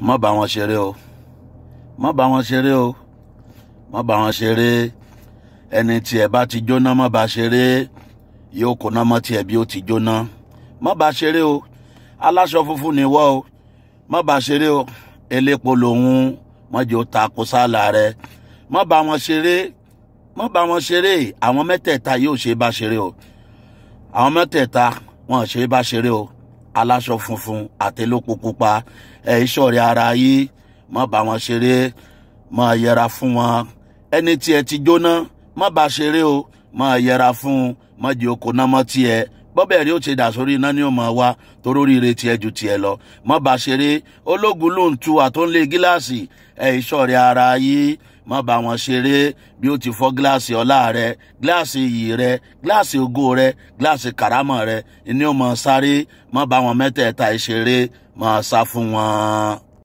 má bá wọn ṣeré o má bá wọn ṣeré o má bá wọn ṣeré ẹni tí ẹ bá ti jóná má bá ṣeré yóò kóná mọ́ tiẹ̀ bí ó ti jóná má bá ṣeré o aláṣọ funfun ni wọ́ o má bá ṣeré o elépo lòun mọ́jọ́ ta kó sálà rẹ má bá wọn ṣeré má bá wọn ṣeré àwọn mẹ́tẹ̀ẹ̀ta yóò ṣe bá ṣeré o àwọn mẹ́tẹ̀ẹ̀ta wọn ṣe bá ṣeré o aláṣọ funfun àtẹlópo pupa ẹ ìṣọ̀rẹ́ ara yìí má bá wọn ṣeré má yẹra fún wọn ẹni tí ẹ ti jóná má bá ṣeré o má yẹra fún un má jẹ́ oko náà mọ́ tiẹ̀ bọ́bẹ̀ rí ó ṣe dà sórí iná ní ọmọ wa torí oríire tiẹ̀ ju tiẹ̀ lọ mọ́ bá ṣeré ológun ló ń tu àtúnlé gíláàsì ẹ̀ ìṣọ̀rẹ́ ara yìí mọ́ bá wọn ṣeré bí ó ti fọ́ gíláàsì ọlá rẹ gíláàsì iyì rẹ gíláàsì ògo rẹ gíláàsì kàrámọ̀ rẹ ní ọmọ sáré mọ́ bá wọn mẹ́tẹ̀ẹ̀ta ìṣeré mọ́ sá fún wọn.